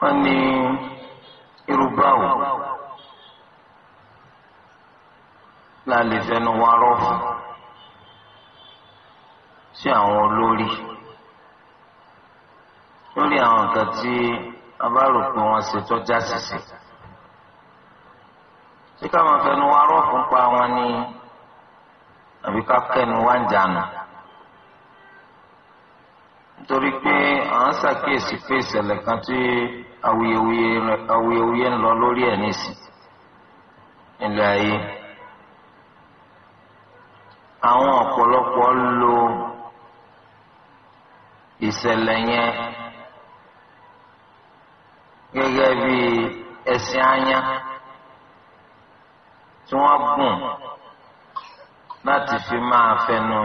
wọ́n ní irúgbà wò la lè fẹnu wa rọ fún sí àwọn olórí lórí àwọn nǹkan tí a bá rò pé wọ́n ṣe tọ́jà ṣiṣẹ ṣé ká máa fẹnu wa rọ fún pa wọn ní àbí ká kẹnu wá ń jànà torí pé à ń ṣàkíyèsí pé ìṣẹ̀lẹ̀ kan tí awuyewuye ń lọ lórí ẹ̀ nísìn ilé ayé àwọn ọ̀pọ̀lọpọ̀ lo ìṣẹ̀lẹ̀ yẹn gẹ́gẹ́ bí ẹṣin ányá tí wọ́n gùn láti fi máa fẹnu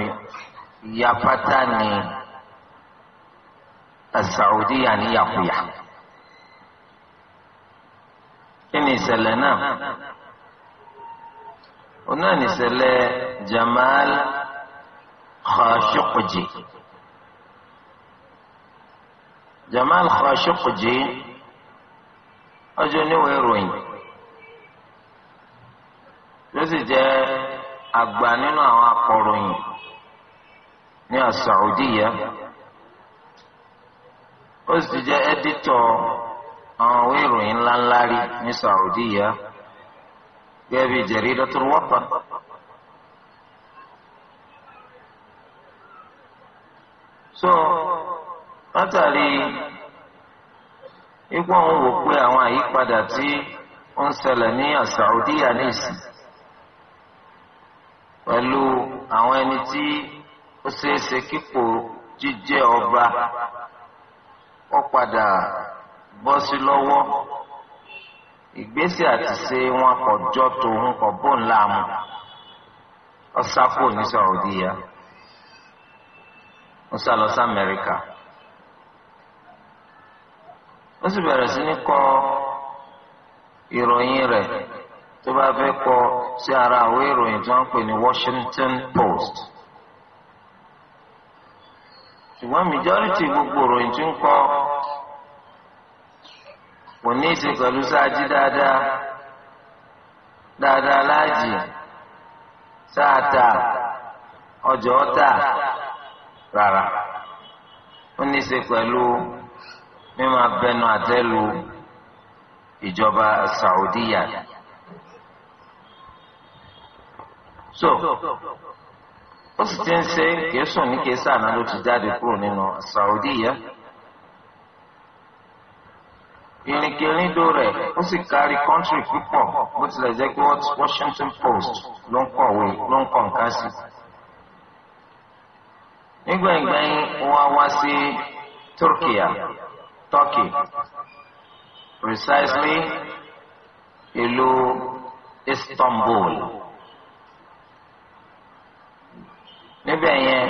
ya pátá ni. السعودية يعني يقويها إني سلنا وناني سلة جمال خاشقجي جمال خاشقجي أجني ويروين لذي جاء أقبانينا وقروين يا السعودية ó sì jẹ́ ẹ́dítọ̀ àwọn òwe ìròyìn ńláńlá rí ní Saudi yá gẹ́gẹ́ bí Jaridatul Watan. so látàrí ipò àwọn wò pé àwọn àyípadà tí ó ń ṣẹlẹ̀ ní Saudi yá ní ìsìn pẹ̀lú àwọn ẹni tí ó ṣeé ṣe kíkò jíjẹ́ ọba. ó padà bọ́ sí lọ́wọ́ ìgbésẹ̀ àti ṣe wọn kò jọ tòun kò bó ńlá mu ọsákò ní Saudi ya ó sá lọ sí Amẹ́ríkà ó sì bẹ̀rẹ̀ sí ní kọ ìròyìn rẹ̀ tó bá fẹ́ kọ sí ara àwọn ìròyìn tó ń pè ní Washington Post. ṣùgbọ́n majority gbogbo ìròyìn tí ń kọ́ kò ní í ṣe pẹ̀lú sáájí dáadáa dáadáa láàjì sáàtà ọjọ́ ọ̀tà rárá ó ní pẹ̀lú so. ó sì ti ń ṣe kẹsùn ní kẹsà náà ló ti jáde kúrò nínú Saudi yẹ ìrìnkèrindò rẹ̀ ó sì kárí kọ́ńtírì púpọ̀ bó tilẹ̀ jẹ́ pé Washington Post ló ń kọ̀wé ló ń kọ̀ nǹkan sí. nígbà ìgbẹ̀yìn wá wá sí Turkiya Turkey precisely ìlú Istanbul. níbẹ̀ yẹn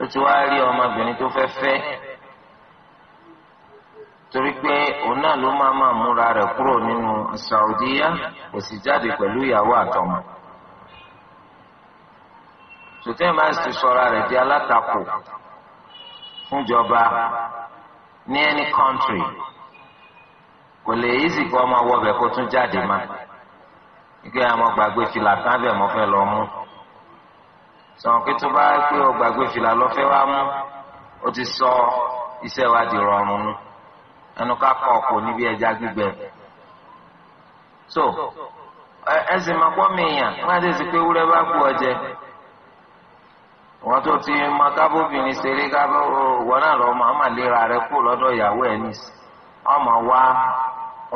ó ti wá rí ọmọbìnrin tó fẹ́ fẹ́ torí pé òun náà ló máa máa múra rẹ̀ kúrò nínú Saudiya kò sì jáde pẹ̀lú ìyàwó máa sì sọra rẹ̀ di alátakò fúnjọba ní any country kò lè ọmọ wọbẹ̀ kó tún jáde má ike àwọn kan bẹ̀ mọ́ fẹ́ sọ̀rọ̀ pé tó bá pé ọgbàgbé fìlà lọ́fẹ́ wá mú ó ti sọ iṣẹ́ wa di rọrùn nu ẹnu ká kọ ọ̀pọ̀ níbi ẹja gbígbẹ. so ẹsìn máa pọ́ mi yàn wọ́n á tẹ̀sí pé wúrẹ́ bá kú ọjẹ́ wọ́n tó ti mọ kábóbìnrin ṣeré kábó wọ́n náà lọ́ọ́ máa má léra rẹ kú lọ́dọ̀ ìyàwó ẹ̀ ní ọmọ wá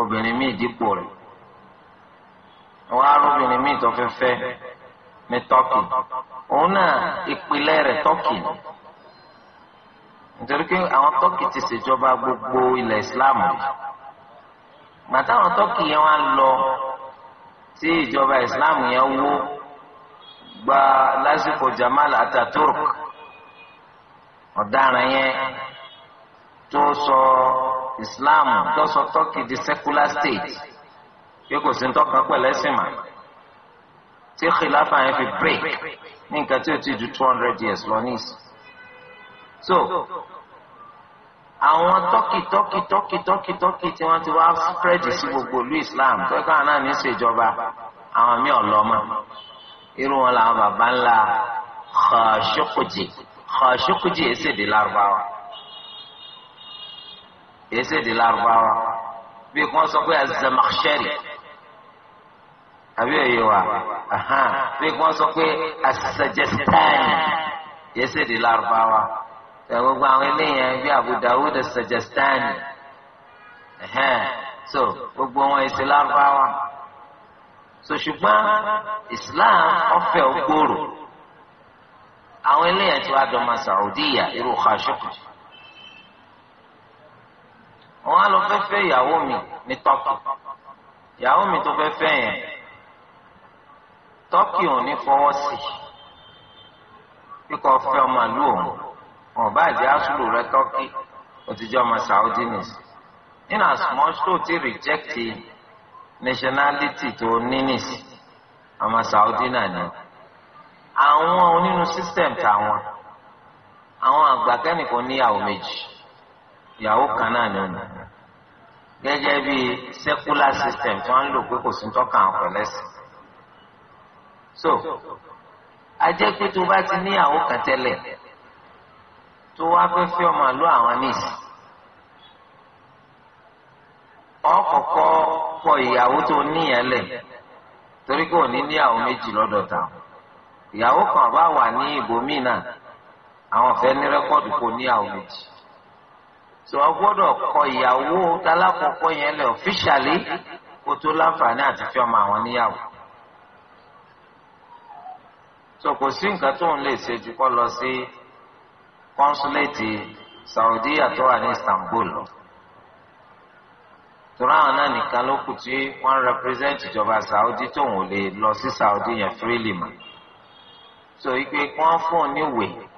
obìnrin míì dípò rẹ̀ wọ́n á míì tó fẹ́ fẹ́ ní tọ́kì òun náà ìpìlẹ̀ rẹ̀ tọ́kì ni nítorí pé àwọn tọ́kì ti ṣèjọba gbogbo ilẹ̀ islam yìí gbàtà àwọn tọ́kì yẹn wá lọ tí ìjọba islam yẹn wó gba lásìkò Jamal Ataturk ọ̀daràn yẹn tó sọ islam tó sọ tọ́kì di secular state pé kò sí ní tọ́kàn pẹ̀lẹ́sìn màá tí khilafa yẹn fi break ní nǹkan tí ó ti ju two hundred years lọ ní ìsìn. so àwọn tọ́kì tọ́kì tọ́kì tọ́kì tọ́kì tí wọ́n ti wá spread sí gbogbo ìlú Islam tọ́ka náà ní ìṣèjọba àwọn míì ọlọ́mọ irú wọn làwọn bàbá ńlá Khashoggi Khashoggi èsèdè lárúbáwá èsèdè lárúbáwá bí wọ́n sọ pé az-Zamakhshari àbí ẹ̀yẹ wa bí wọ́n sọ pé asajastani yẹsẹ̀ di Lárúbáwá gbogbo àwọn eléyàn bí Abu Dawud asajastani so gbogbo wọn ẹsẹ̀ Lárúbáwá so ṣùgbọ́n Islam ọ̀fẹ́ ògbòrò àwọn eléyàn tí wàá dọ̀mà Saudiya irú Khashoggi wọn á lọ fẹ́ fẹ́ ìyàwó mi ní tọ́kù ìyàwó mi tó fẹ́ fẹ́ yẹn tọ́kì ò ní fọwọ́ sí kíkọ́ fẹ́ ọmọ ìlú òun ọ̀bá àjẹ́ àṣùlù rẹ tọ́kì ó ọmọ Saudi news in as much tó ti reject nationality tó ní nísì ọmọ Saudi náà ni àwọn onínú system tàwọn àwọn àgbà kẹ́nìkan níyàwó méjì ìyàwó kan náà ni ọ̀nà gẹ́gẹ́ bí secular system tí wọ́n ń lò pé kò sí tọ́ka àwọn so ajẹ́ pé tó bá ti níyàwó kan tẹ́lẹ̀ tó wá fẹ́ fẹ́ ọmọ àlọ́ àwọn níìsì ọkọ̀ọ̀kọ́ kọ ìyàwó tó níyàn lẹ̀ torí kò ní níyàwó méjì lọ́dọ̀ táwọn ìyàwó kan bá wà ní ibòmíì náà àwọn fẹ́ ní rẹ́kọ́ọ̀dù kò níyàwó méjì so ọ gbọ́dọ̀ kọ ìyàwó tálákọ̀ọ́kọ́ yẹn lẹ̀ ọ̀fíṣàlì kó tó láǹfààní àti fẹ́ ọmọ àwọn níyàwó so kò sí nǹkan tó ń lè ṣe ju kó lọ sí kọ́nsúléètì Saudi tó wà ní Istanbul lọ tura àwọn náà nìkan ló kù tí wọ́n represent ìjọba Saudi tó ń lè lọ sí Saudi yẹn freely mọ́ so ipe wọ́n fún un níwèé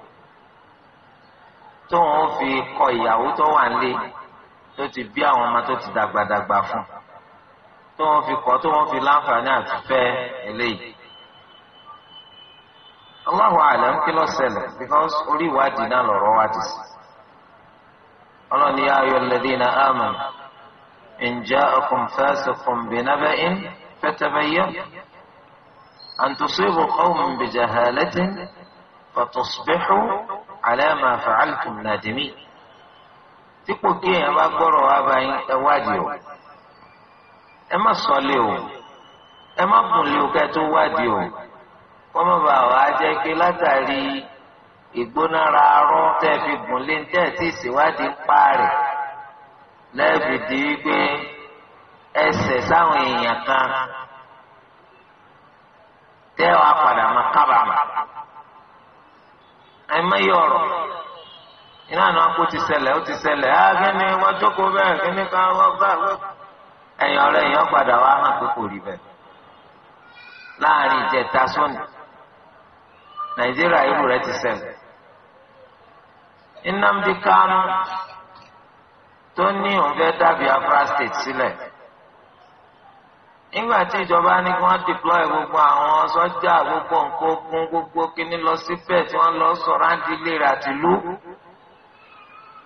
tó ń fi kọ ìyàwó tó wà nílé tó ti bí àwọn ọmọ tó ti dàgbàdàgbà fún tó ń fi kọ tó ń fi láǹfààní àti fẹ́ eléyìí. Allahu alam kí ló ṣẹlẹ̀ because only what náà lọ̀rọ̀ wá ti sí. ọlọ́ni yá ayọ̀ alladhina amanu in ja'akum fasiqun binaba'in fatabayyan an tusibu qawman bijahalatin fatusbihu ala ma fa'altum nadimin. dípò kí أما bá gbọ́rọ̀ wá báyìí ẹ wádìí o ẹ o o o. kọ́mọ bá wà á jẹ́ pé látàrí ìgbónára arọ́ tẹ́ fi gùn lé tẹ́ tí ìṣèwádìí ń pa rẹ̀ lẹ́ẹ̀bì ẹsẹ̀ sáwọn èèyàn kan tẹ́ wàá padà mọ kábàámà àìmọye ọ̀rọ̀ iná àná kó ti ṣẹlẹ̀ ó ti ṣẹlẹ̀ á ah, wọ́n jókòó bẹ́ẹ̀ ká wọ́n bá ẹ̀yìn ọ̀rẹ́ padà wá hàn pé nàìjíríà irú rẹ̀ ti ṣẹlẹ̀ Nnamdi Kanu tó ní òun fẹ́ dá Biafra state sílẹ̀ nígbà tí ìjọba ní kí wọ́n deploy gbogbo àwọn sọ́jà gbogbo nǹkan ogun gbogbo kíní lọ síbẹ̀ tí wọ́n lọ sọ̀rọ̀ àdílé rẹ̀ àtìlú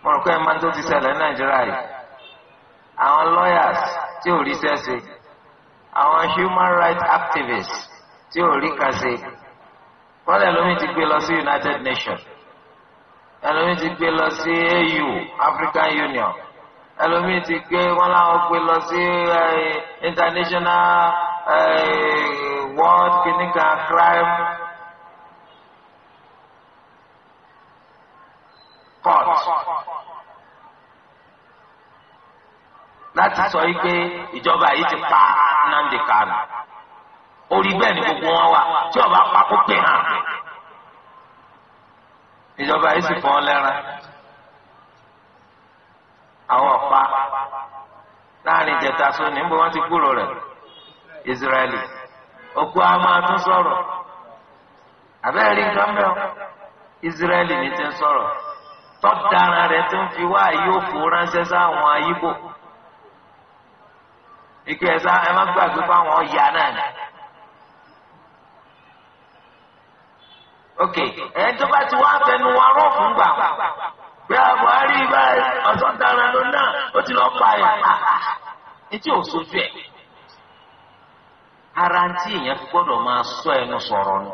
mo rò pé ẹ máa tó ti ṣẹlẹ̀ nàìjíríà yìí àwọn lawyers tí ò rí sẹ́sẹ̀ àwọn human rights activists tí ò rí kàṣe wọ́n lè lómi ti gbé lọ sí United Nations ẹlòmíì ti gbé lọ sí AU African Union ẹlòmíì ti gbé wọn làwọn gbé lọ sí eh, International eh, World clinical crime court láti sọ yìí pé ìjọba yìí ti pa Nnamdi Kanu. orí bẹ́ẹ̀ ni gbogbo wọn wà tí ọba papò pè hàn. ìjọba yìí sì fọ́n lẹ́ran àwọn ọ̀pá láàrin ìjẹta ní níbo wọ́n ti kúrò rẹ̀ Israẹli òkú a máa tún sọ̀rọ̀ abẹ́rẹ́ nǹkan mẹ́wọ́ Israẹli ni ti ń sọ̀rọ̀ tọ́dára rẹ̀ tó ń fi wá ránṣẹ́ sáwọn ayíbò ẹ̀ sá ẹ má ok ẹ̀yẹn tó bá ti wá fẹnu wa rọ̀ fún gbà bí a Buhari báyìí ọ̀sán tara ló náà ó ti lọ́ọ́ pa ẹ̀ etí ò sojú ẹ̀ ara ń tí èèyàn fi gbọ́dọ̀ máa sọ ẹnu sọ̀rọ̀ nù.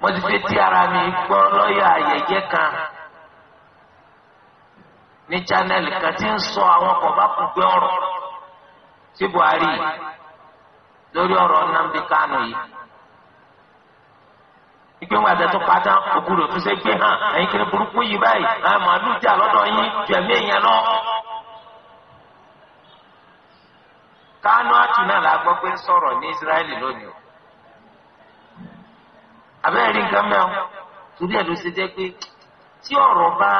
mo ti fi ti ara mi gbọ́ lọ́yà ayẹyẹ kan ní chanẹ́ẹ̀lì kan tí ń sọ àwọn kọ̀ọ̀bá kù gbé ọ̀rọ̀ sí Buhari lórí ọ̀rọ̀ Nnamdi Kanu yìí. ìpè wọn àtẹ̀tún pátá òkú rẹ̀ tún ha gbé hàn ẹ̀yin kiri burúkú yìí báyìí àmàlù jà lọ́dọ̀ yín ju ẹ̀mí èèyàn lọ. kánú àtúnà la gbọ́ pé sọ̀rọ̀ ní Ísírẹ́lì lónìí o. abẹ́rẹ́ rí nǹkan mẹ́wọ́ torí ẹ̀ ló ṣe jẹ́ pé tí ọ̀rọ̀ bá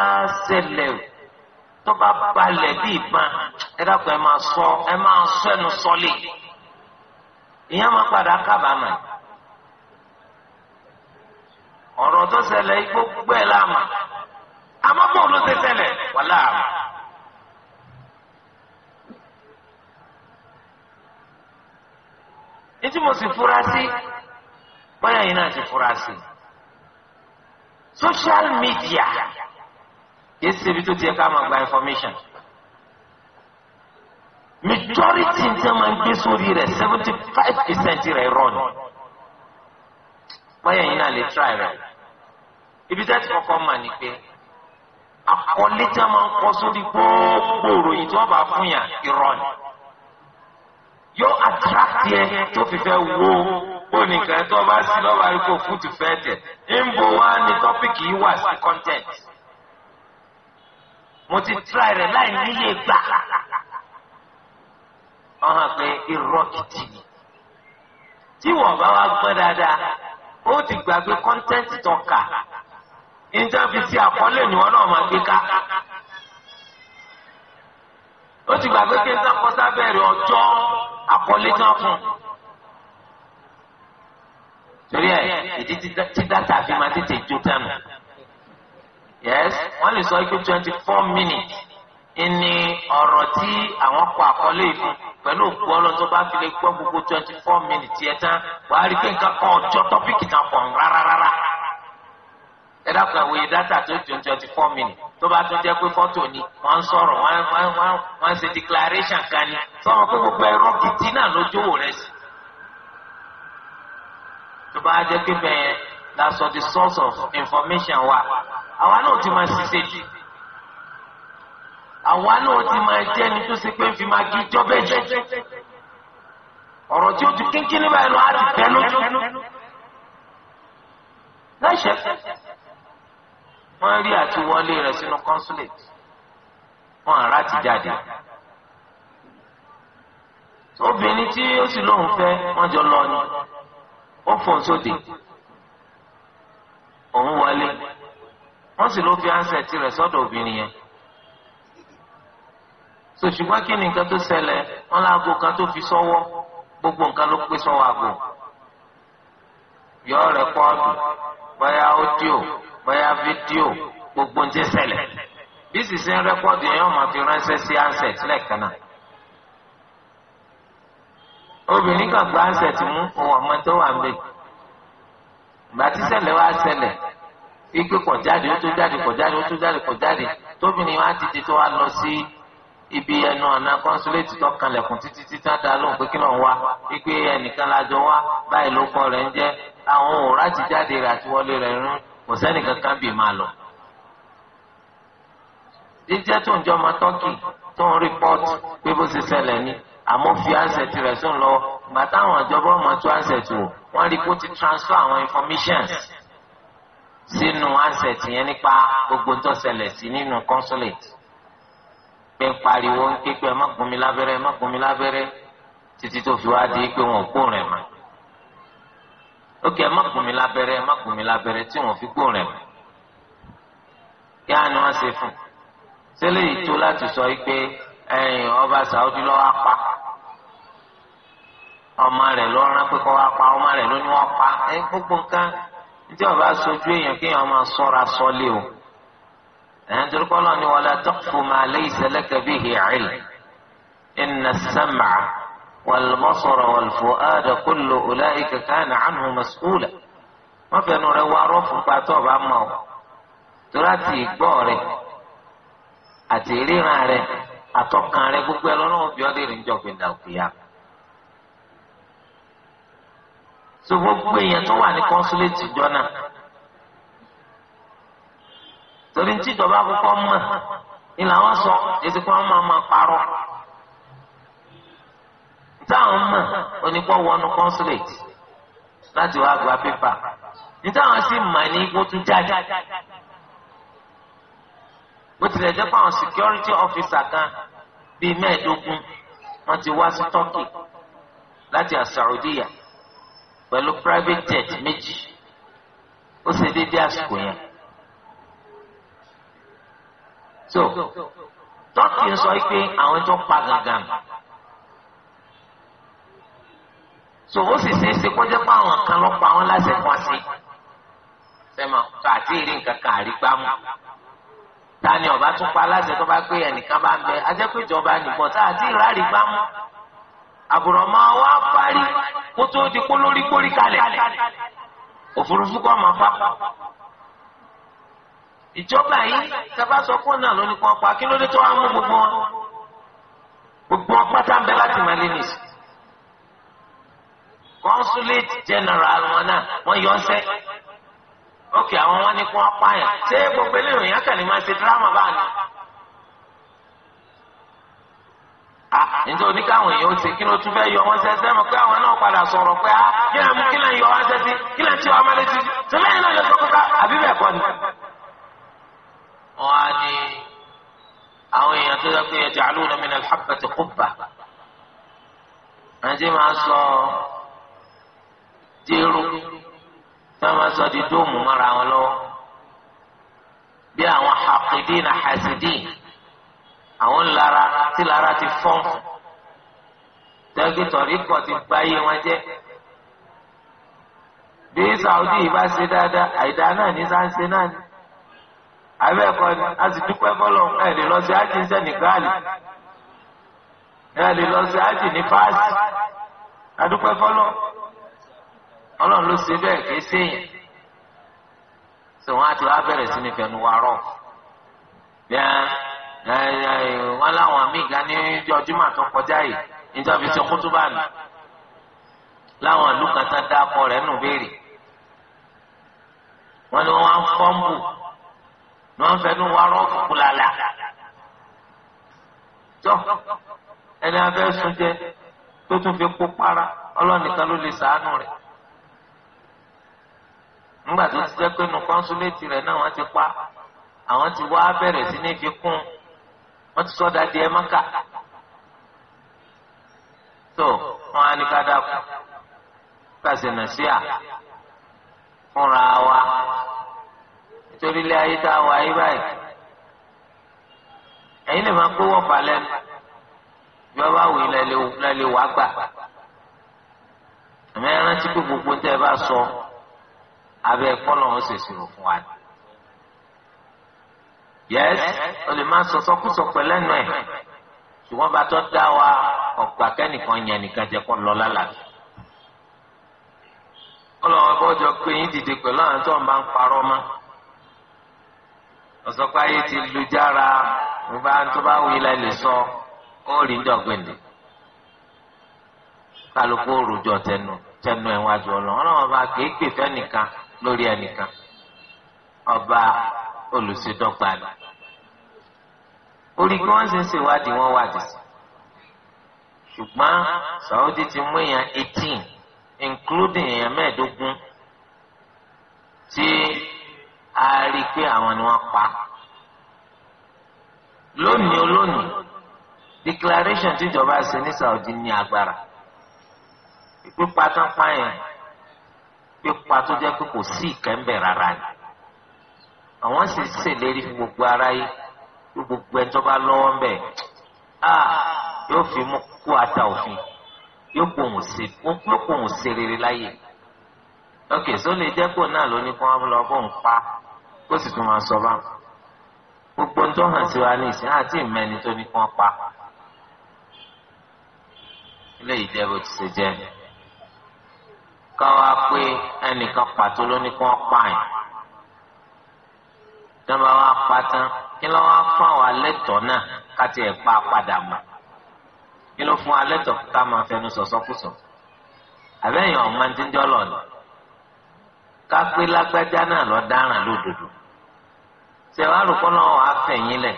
ṣẹlẹ̀ tó bá balẹ̀ bí ìbọn ẹ ọ̀rọ̀ tó ṣẹlẹ̀ gbogbo ẹ̀ láàmà àmọ́ bò ló ṣe ṣẹlẹ̀ wà láàmà. ètí mo sì fura sí báyà yìí náà ti fura sí social media yìí ṣe ibi tó ti yẹ ká máa gba information majority tí wọ́n máa ń gbé sórí rẹ̀ seventy five percent rẹ̀ rọ̀ ni. báyọ̀ yín náà lè try rẹ̀ ibi tẹ́tí kọ́kọ́ mà ní pé akọ́lé tí a máa ń kọ́ sórí gbogbo ìròyìn tí wọ́n bá fún yàn irọ́ ni yóò attract yẹ tó fi fẹ́ wo òní tó bá sí lọ́wọ́ àríkò fún ti fẹ́ tẹ̀ ń bo wá ní tọ́pìkì mo ti try rẹ̀ láì níye gbà ọ̀hún pé irọ́ kìtì ni tí wọ́n bá ó ti gbàgbé kọ́ńtẹ́ǹtì tó kà níjẹ́ fi ti ni wọ́n náà máa gbé ká ó ti gbàgbé kí n tán kọ́ sábẹ́rẹ̀ ọjọ́ àkọlé tán fún torí ẹ ìdí tí dátà fi máa tètè jó tánu wọ́n lè sọ twenty four minutes. ìní ọ̀rọ̀ tí àwọn kọ àkọlé ìfún pẹ̀lú òkú ọlọ́tọ́ bá fi lè gbọ́ gbogbo twenty four minutes yẹn tán wàá rí pé nǹkan kan ọjọ́ tọ́pìkì kan pọ̀ rárá rárá. ẹ dákun àwọn iye dátà tó ju twenty four minutes tó bá tún jẹ́ pé fọ́tò ni wọ́n ń sọ̀rọ̀ wọ́n ń ṣe declaration kan ni sọ́wọ́n pé gbogbo ẹ̀rọ gidi náà lójú wò rẹ̀ sí. tó bá jẹ́ pé bẹ́ẹ̀ that's the source of information wa àwa náà ti máa ṣiṣẹ́ jù àwa náà ti máa jẹ́ ẹni tó ṣe pé ń fi máa kí jọ́bẹ̀ jẹ́ ọ̀rọ̀ tí ó ti kínkín nígbà ẹnu á ti bẹ́ lójú láìṣẹ́ wọ́n rí àti wọlé rẹ̀ sínú consulate wọ́n àrà ti jáde obìnrin tí ó sì lóun fẹ́ wọ́n jọ lọ ni ó fòun sóde òun wọlé wọ́n sì ló fi ansẹ̀ tirẹ̀ sọ́dọ̀ obìnrin yẹn. so ṣùgbọ́n kí ni nǹkan tó ṣẹlẹ̀ wọn láago kan tó fi sọ́wọ́ gbogbo nǹkan ló pé sọ́wọ́ àgò yọ rẹpọ́ọ̀tù bóyá ódíò bóyá fídíò gbogbo nje ti ṣẹlẹ̀ bí sísìn rẹpọ́ọ̀tù yẹn wọ́n máa fi ránṣẹ́ sí ansẹ̀t lẹ́ẹ̀kan náà obìnrin kan gba ansẹ̀t mú ohun ọmọ tó wà ń wa tí ṣẹlẹ̀ wá ṣẹlẹ̀ ikú kọ̀ jáde ó tó jáde kọ̀ jáde Si ibi ẹnu ọ̀nà kọ́nsúléètì tó kanlẹ̀kùn títí títà dá lóhùn pé kí ló ń wá wípé ẹnìkan lájọ wá báyìí ló kọ́ rẹ̀ ń jẹ́ àwọn òórá ti jáde rẹ̀ àti wọlé rẹ̀ rún kò sẹ́nìkan kan bì máa lọ. jíjẹ́ tó ń jọ ọmọ tọ́kì tó ń rìpọ́ọ̀tì pé bó ṣe ṣẹlẹ̀ ni àmọ́ fi ansẹ̀tì rẹ̀ sùn lọ gbà táwọn ìjọba ọmọ tó ansẹ̀tì wò wọ́n rí kó ti transfer àwọn informations sínú ansẹ̀tì yẹn nípa gbogbo tó ṣẹlẹ̀ sí nínú consulate ẹ pariwo ń ké pé ẹ má gún mi lábẹ́rẹ́ ẹ má gún mi lábẹ́rẹ́ títí tó fi wá di pé wọn ò kó rẹ̀ mọ́ ó kẹ́ ẹ má gún mi lábẹ́rẹ́ ẹ má gún mi lábẹ́rẹ́ tí wọn fi kó rẹ̀ mọ́ kí á ní wọn ṣe fún ṣẹlẹ̀ ìtó láti sọ pé ẹ̀yìn ọba Saudi lọ́wọ́ apá ọmọ rẹ̀ lọ rán pé kọ́ wá pa ọmọ rẹ̀ ló ní wọ́n pa ẹ gbogbo nǹkan tí ọba sojú èèyàn kéèyàn máa sọ́ra sọ́lé o ẹ̀yìn torí kọ́ lọ́ọ̀ ni wala taqfu ma laysa laka bihi ilm inna as-sam'a wal-basara wal-fu'ada kullu ulaika kana anhu mas'ula wọ́n fẹnu rẹ̀ wá rọ́ fún pátọ́ ọba mọ́ ọ torí àti ìgbọ́ rẹ̀ àti ìríran rẹ̀ àtọkàn rẹ̀ gbogbo ẹ lọ́nà òbí ọdẹ rẹ̀ ń jọ gbẹ̀dà òkèèyà. so gbogbo èèyàn tó wà ní consulate ìjọ náà torí tí ìjọba àkọ́kọ́ mọ̀ ni làwọn sọ èsì kan máa máa parọ́ táwọn mọ̀ onípọ̀ wọnú consulate láti wá gba pépà nítawọn sì mọ̀ ní ipò tún jáde bó tilẹ̀ jẹ́ pé àwọn security officer kan bíi mẹ́ẹ̀ẹ́dógún wọ́n ti wá sí Turkey láti Saudiya pẹ̀lú private jet méjì ó ṣe déédéé àsìkò yẹn so tọ́kì ń sọ pé àwọn tó pa gangan so ó sì ṣe é ṣe kọjá pé àwọn kan ló pa wọn lásìkò ọ̀sìn sẹ́mọ̀ káàtì rí nǹkan kan àrígbámú tani ọba tún pa aláṣẹ tó bá pé ẹnìkan bá ń bẹ ajẹ́pẹ̀jọba nìbọn tá àti ìrárígbámú àbùrọ̀mọ́ wa parí kó tó di kó lórí kórí kalẹ̀ òfurufú kọ́ máa pápá. ìjọba yìí sábà sọ fún náà ló ní pa kí gbogbo wọn gbogbo wọn pátá ń bẹ láti malinis consulate general wọn náà wọn yọ ọsẹ ókè àwọn wọn gbogbo eléyìí yẹn kàn ní máa ṣe dírámà báyìí. nítorí oníkàwọn èèyàn ó ṣe kí ló tún fẹ́ yọ wọn mọ̀ pé àwọn náà padà sọ̀rọ̀ pé á ah, kí lè mú kí lè yọ wọn kí lè tí wọn máa lè ti lẹ́yìn náà wọn á ní àwọn èèyàn tó yẹ pé yaj'aluna min al-habbati qubba àti máa sọ dérò tí wọn máa sọ di dóòmù mọ́ra wọn lọ́wọ́ bí àwọn haqidin hasidin àwọn lara tí lara ti fọ́n dẹ́gítọ̀rí kọ̀ ti gbáyé wọn jẹ́ bí Saudi bá ṣe dáadáa àìdá náà ní sáńsẹ náà ni abẹ́ ẹ̀kọ́ ni a sì dúpẹ́ bọ́lọ̀ ẹ̀ lè lọ sí ájì sẹ́nìgáàlì ẹ̀ lè lọ sí ájì ní fásì adúpẹ́ bọ́lọ̀ ọlọ́run ló ṣe bẹ́ẹ̀ kì í séyìn sọ wọn àti sí rọ̀ wọn láwọn míì ní kọjá yìí níjọ́ fi mi láwọn ìlú kan rẹ̀ nù béèrè ní wọ́n fẹnu wa rọ́ọ̀fù kúlàlà tó ẹni abẹ́ sùn jẹ tó tún fi kó para ọlọ́nìkan ló lè rẹ̀ nígbà tó ti jẹ́ pé nu rẹ̀ náà wọ́n ti pa àwọn ti wá bẹ̀rẹ̀ sí ní fi kún wọ́n ti sọ́dà di ẹ mọ́ká tó wọn á ní ká dákú wa. torí ilé ayé tá a wà yí báyìí ẹ̀yin lè máa pé wọ́n fà lẹ́nu bí bá wù yín lẹ́lẹ́ wàá gbà àmì ẹrántí pé gbogbo tẹ́ ẹ bá sọ abẹ́ ẹ̀kọ́ lọ́wọ́ ṣèṣirò fún wa ni yẹs o lè máa sọsọ kú sọ pẹlẹ nù ẹ ṣùgbọ́n bá tọ dá wa ọgbà kẹnìkan yẹn nìkan jẹ kó lọ lálà Ọlọ́run ọgbọjọ pé yín dìde pẹ̀lú àwọn tó ń bá ń parọ́ mọ́ ọ̀sọ́pá ayé ti lu jára mo bá tó bá wí la lè sọ ó rí ń dọ̀gbìndì kálukú òrùjọ tẹnu tẹnu ẹ̀ wájú ọlọ́run ọlọ́run ọba kìí pè fẹ́nìkan lórí ẹnìkan ọba olùṣèdọ́gba ni orí kí wọ́n sì ń ṣèwádìí wọ́n wádìí ṣùgbọ́n Saudi ti mú èèyàn eighteen including èèyàn mẹ́ẹ̀ẹ́dógún tí á rí i pé àwọn ni wọ́n pa lónìí olónìí declaration tíjọba ṣe ní Saudi ní agbára pípa tó ń pààyàn pípa tó jẹ́ pé kò sí ìkẹ́ńbẹ̀ rárá ni àwọn sì ṣèlérí fún gbogbo aráyé fún gbogbo ẹ̀ tó bá lọ́wọ́ ń bẹ̀ á yóò fi mú kó ata òfin yóò pòun sí rere láyè ok só lè jẹ́ pò náà lóní kó wọ́n lọ bóun pa kó sì tún máa sọ bá gbogbo tó hàn sí wa ní ìsìn àti ìmẹ́ni tó ní kí wọ́n pa ilé ìjẹ́ bó ti ṣe jẹ́ káwa pé ẹnìkan pàtó ló ní kí wọ́n pa yìí dábà wa pa tán kí ló wá fún àwọn alẹ́tọ̀ náà ká tiẹ̀ pa padà mọ́ kí ló fún alẹ́tọ̀ ká máa fẹnu sọ̀sọ́kùsọ̀ àbẹ́yìn ọ̀mọ́ lọ́nà ká pé lágbájá náà lọ dáràn lódodo ṣe wàá rò kọ́nà àfẹ̀yìn lẹ̀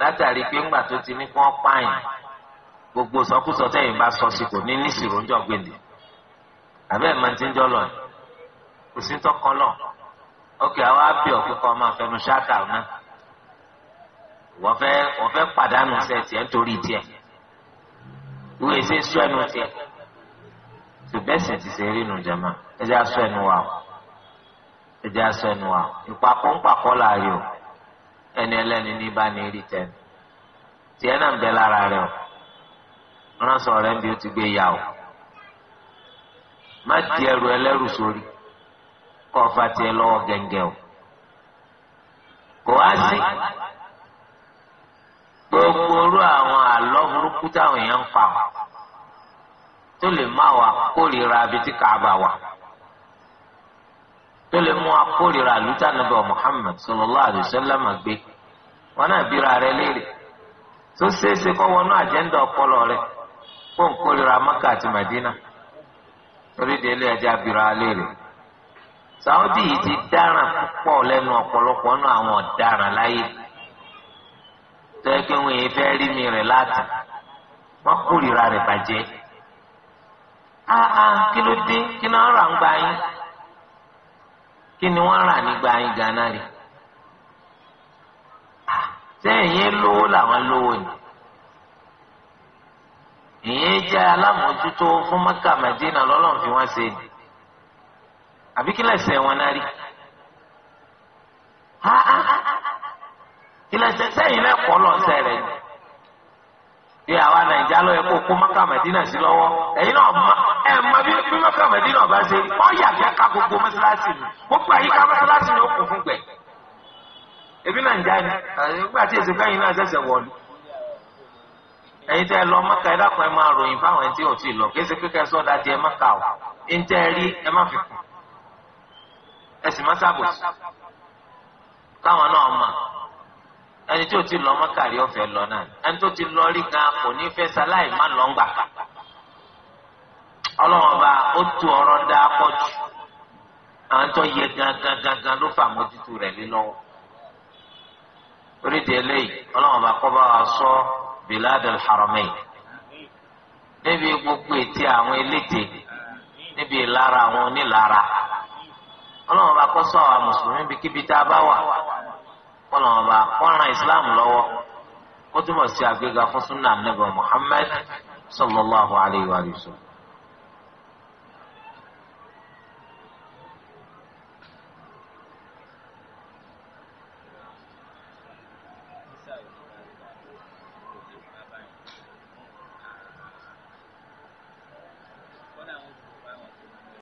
látàrí pé ńgbà tó ti ní kí wọ́n pààyàn gbogbo sọkúsọ tẹ̀yìn bá sọ sí kò ní nísìrò ńjọ gbèlè àbẹ́ ẹ̀ máa ti ń jọ lọ ẹ̀ kò sí tọkọ lọ ókè àwọn àbí ọ̀kíkọ máa fẹnu ṣáàkà náà wọ́n fẹ́ wọ́n fẹ́ pàdánù sẹ́ tiẹ̀ nítorí tiẹ̀ ìwé ṣe sọ ẹnu tiẹ̀ ṣùgbẹ́sẹ̀ ti ṣe rí nu jẹ̀mọ́ ẹ jẹ́ àṣọ ẹnu wa o ẹjẹ́ asọnù à ìpapọ̀npapọ̀ láàrin o ẹni ẹlẹ́ni ní bá ní rí tẹ́ tiẹ̀ náà ń bẹ lára rẹ o ránṣọ rẹ ń bí o ti gbé yà o má ti ẹrù ẹlẹ́rù sórí kọ́ ọ fa lọ́wọ́ gẹ́gẹ́ o kò wá sí gbogbo orú àwọn àlọ́ burúkú táwọn èèyàn ń pa tó lè má wa kórìíra abetí bá wa. tó lè mú akórira àlùtà nàbẹ Muhammad sallallahu alaihi wasallam gbé wọn náà bíra rẹ léèrè tó ṣeéṣe kó wọnú àjẹńdà ọpọlọ rẹ kó kórira Maka àti Madina torí délé ẹjẹ abira léèrè Saudi yìí ti dáràn púpọ̀ lẹ́nu ọ̀pọ̀lọpọ̀ nù àwọn ọ̀daràn láyé fẹ́ rí mi rẹ̀ láti wọn kórira rẹ̀ bàjẹ́ kí ló dé kí ni wọ́n rà nígbà yín gánà rí sẹ́yìn yẹn lówó làwọn lówó ni ìyẹn jẹ́ alámòójútó fún mẹ́kà mẹ́dínà lọ́lọ́run fi wọ́n ṣe ni àbí kí lẹ́sẹ̀ wọn náà rí kí lẹ́sẹ̀ sẹ́yìn lẹ́kọ̀ọ́ lọ́sẹ̀ rẹ̀ ni. e awa Naija lọ ẹkọ kó maka mẹdínà sí lọ́wọ́ ẹ̀yin náà ma ẹ ma bí bí maka mẹdínà bá ṣe ọ yà kẹ ká gbogbo mẹsàlásì ni gbogbo àyíká mẹsàlásì ni ebi Naija ni nígbà tí èsì fẹyìn náà ṣẹ̀ṣẹ̀ wọlé ẹ̀yin tẹ lọ maka ẹ dákun ẹ máa ròyìn fáwọn lọ kéṣe pé kẹsọ ẹ maka o ẹ ń tẹ ẹ rí ẹni tí o ti lọ mọ́kàrí ọ̀fẹ́ lọ náà ẹni tó ti lọ rí gan kò ní fẹ́ sáláì má lọ ń gbà. ọlọ́run ọba ó tu ọ̀rọ̀ dá pọ̀ jù àwọn tó yẹ gangan ló fà mójútó rẹ̀ lé lọ́wọ́. orídìí eléyìí ọlọ́run ọba kọ́ bá wa sọ bilad al-haramain níbi gbogbo ètí àwọn elédè níbi ìlara àwọn onílara ọlọ́run ọba kọ́ sọ àwọn mùsùlùmí bíi kíbi tá a bá wà kọ́nà ọba kọ́ran islam lọ́wọ́ ó túmọ̀ sí àgbéga fún sunnah nebà muhammad sallallahu alayhi wa sallam.